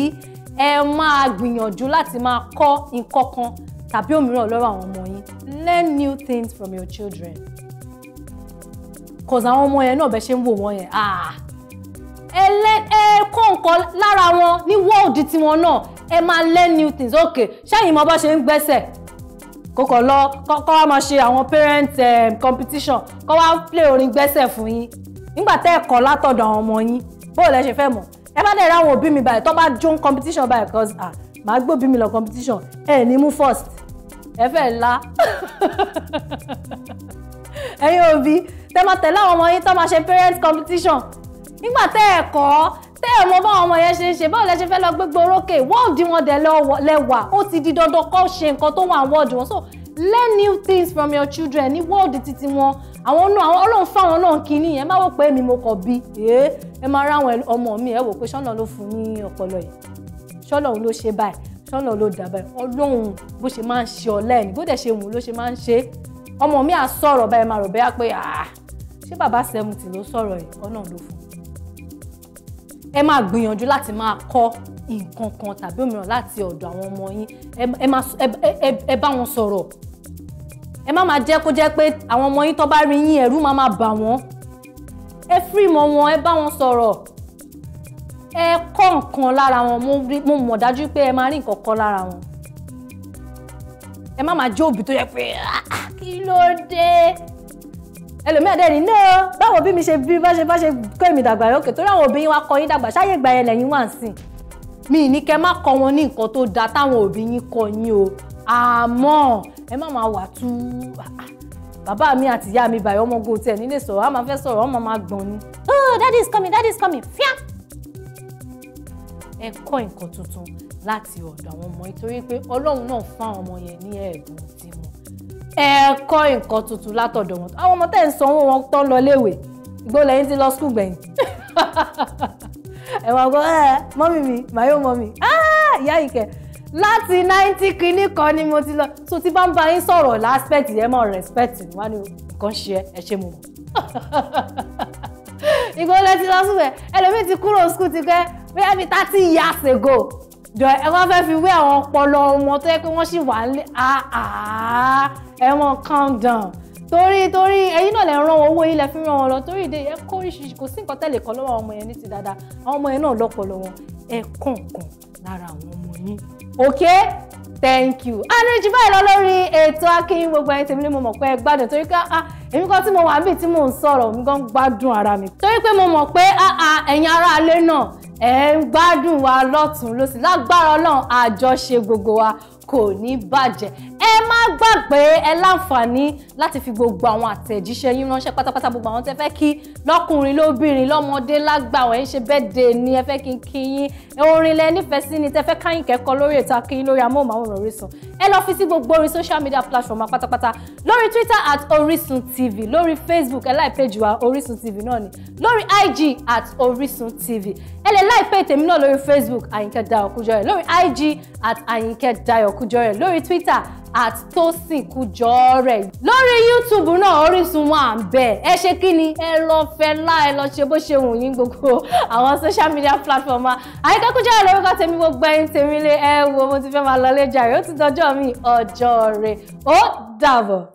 S1: ẹ máa gbìyànjú láti máa kọ́ nǹkan kan tàbí òmíràn lọ́rọ̀ àwọn ọmọ yín learn new things from your children. cause àwọn ọmọ yẹn náà bẹ́ẹ̀ ṣe ń wò wọ́n yẹn ah ẹ kó nǹkan lára wọn ní wọ́ọ̀dì tiwọn náà ẹ máa learn new things ok ṣẹ́yìn mọ bá ṣe ń gbẹ́sẹ̀ kókò lọ kọ́ wá máa ṣe àwọn parent um, competition kọ́ wá play orin gbẹ́sẹ̀ fún yín nígbà tẹ́ ẹ̀ kọ́ látọ̀dọ̀ àwọn ọmọ yín bó lẹ ṣe fẹ́ mọ̀ ẹ bá dẹ̀ ráwọn òbí mi báyìí tó bá jó competition báyìí cause ah màá gbóbi mi lọ competition ẹ ní mú first ẹ fẹ́ la ẹ̀yin òbí tẹ́ máa tẹ̀lé àwọn ọmọ yín tó máa ṣe parent competition nígbà tẹ́ ẹ̀ kọ́ tẹ́ ẹ̀ mọ báwọn ọmọ yẹn ṣe ṣe báwo lẹ ṣe fẹ́ lọ gbégbó orókè wọ́ọ̀dì wọn dẹ̀ lẹ́wà ó ti di dandan kọ́ ṣe nǹkan tó wà wọ́ọ̀dì wọn so learn new things from your children ní wọ́ọ̀dì títí wọn àwọn náà àwọn ọlọ́run fáwọn náà kínní yẹn má wò pé èmi mo kọ̀ bí ẹ ẹ máa rá àwọn ọmọ mi ẹ wò pé ṣọ́nà ló fún ní ọpọlọ yìí ṣọ́nà ló ṣe báyìí ṣọ́nà ló dà báyìí ọlọ́run bó ṣe máa ń ṣe ọ̀lẹ́ ní bó dẹ̀ ṣe wù ló ṣe máa ń ṣe ọmọ mi à sọ̀rọ̀ báyìí máa rò bẹ́yà pé ah, ṣé bàbá seventy ló sọ̀rọ̀ yìí ọlọ́run ló fún ẹ máa gbìyànjú láti máa kọ́ nǹkan kan tàbí òmíràn láti ọ̀dọ̀ àwọn ọmọ yín ẹ bá wọn sọ̀rọ̀ ẹ má máa jẹ́ kó jẹ́ pé àwọn ọmọ yín tó bá rí yín ẹ̀rù máa máa bà wọ́n ẹ fírí mọ́ wọn ẹ bá wọn sọ̀rọ̀ ẹ kọ́ nǹkan lára wọn mo mọ̀ dájú pé ẹ máa rí nǹkan kọ́ lára wọn ẹ má máa jẹ́ òbí tó yẹ pé ah, kí ló dé ẹlòmíràn dẹ́ni ní o báwo bí mi ṣe bí bá ṣe bá ṣe kọ́ èmi dàgbà yókè torí àwọn òbí wa kọ́ yín dàgbà ṣáyé ìgbà yẹn lẹ́yìn wà ń sìn mi ní kẹ́ má kọ́ wọn ní nǹkan tó da táwọn òbí yín kọ́ yín o àmọ́ ẹ má máa wà tú bàbá mi àti ìyá mi bàyọ̀ ọmọgun tiẹ̀ nílé sọ̀rọ̀ a máa fẹ́ sọ̀rọ̀ ọmọ máa gbọ̀n ni oh daddy is coming daddy is coming fíà ẹ kọ́ nǹkan tuntun láti ọ̀dọ̀ àwọn ọmọ yìí torí pé ọlọ́run náà fún àwọn ọmọ yẹn ní ẹ̀bùn tí ẹ kọ́ nǹkan tuntun látọ̀dọ̀ wọn àwọn ọmọ tẹ̀ ń sanwó wọn tó ń lọ léèwé gbọ́lẹ̀ yín ti lọ skul gbẹ̀yìn ẹ wọ́n gbọ́ ẹ mọ́mì mi màá yóò mọ́mì ah, ìyá ìkẹ́ láti náìntì kìíní kan ni mo ti lọ so ti bá ń bá yín sọ̀rọ̀ láspẹ̀tì ẹ mọ̀ rẹ̀spẹ̀tì wá ní nǹkan ṣe ẹ ṣe mo mọ̀ ìgbọ́lẹ̀ ti lọ skul ẹ ẹlòmíì ti kúrò skul ti pẹ́ bóyá mi thirty years ago jọ ẹ wá fẹ́ fi wé àwọn ọpọlọ ọmọ tó yẹ pé wọ́n sì wà lé àá ẹ̀wọ̀n calm down torí torí ẹ̀yin náà lè ràn owó yín lè fi ràn wọn lọ torí ìdè yẹn kó oríṣiríṣi kò sí nǹkan tẹ̀lé kan lọ́wọ́ àwọn ọmọ yẹn ní ti dáadáa àwọn ọmọ yẹn náà lọ́pọlọ wọn ẹ kọ̀ọ̀kan lára àwọn ọmọ yín ok thank you anrich báyìí lọ lórí ètò akínyìn gbogbo ẹ̀yin tèmi ni mo mọ̀ pé ẹ gbádùn torí pé ah èmi kan tí mo wà níbi tí mò ń sọ̀rọ̀ mi gan gbádùn ara mi torí pé mo mọ̀ pé ah ah ẹ̀yin ará alẹ́ náà ẹ ń gbádùn wa lọ́tún lọ́sìn lágbára ọlọ́run àjọṣe gbogbo wa kò ní bàjẹ́ ẹ má gbàgbé ẹ láǹfààní láti fi gbogbo àwọn àtẹ̀jíṣẹ́ yín ránṣẹ́ pátápátá gbogbo àwọn tẹ́ fẹ́ kí lọ́kùnrin lóbìnrin lọ́mọdé lágbà wọ́n ń ṣe birthday ni ẹ fẹ́ kí n kí yín orin lẹ nífẹ̀ẹ́ sí ni tẹ́ fẹ́ káyìn kẹ́kọ̀ọ́ lórí ètò akíyín lórí amóhùnmáwòrán Orísun ẹ lọ fi sí gbogbo orí social media platform pátápátá lórí Twitter at Orisun TV lórí Facebook ẹ láì péjì wa Orisun TV náà ni lórí IG at Orisun TV ẹ lè láì pé tèmi náà lórí Facebook Àyìnkẹ́ Dayọ̀ Kújọrẹ̀ lórí IG at Àyìnkẹ́ Dayọ̀ Kújọrẹ̀ lórí Twitter at Tosin Kujore lórí YouTube náà Orísun wà ń bẹ ẹ ṣe kí ni ẹ lọ fẹ́ lá lọ ṣe bó ṣe wù yín gbogbo àwọn social media platform Àyìnkẹ́ Kújọrẹ̀ lórúkọ tèmi gbogbo ẹ̀yin tèmi lé ẹ wo mo ti fẹ́ máa lọ lé jàre ó ti dọjọ́ mi ọjọ́ rẹ̀ ó dàbọ̀.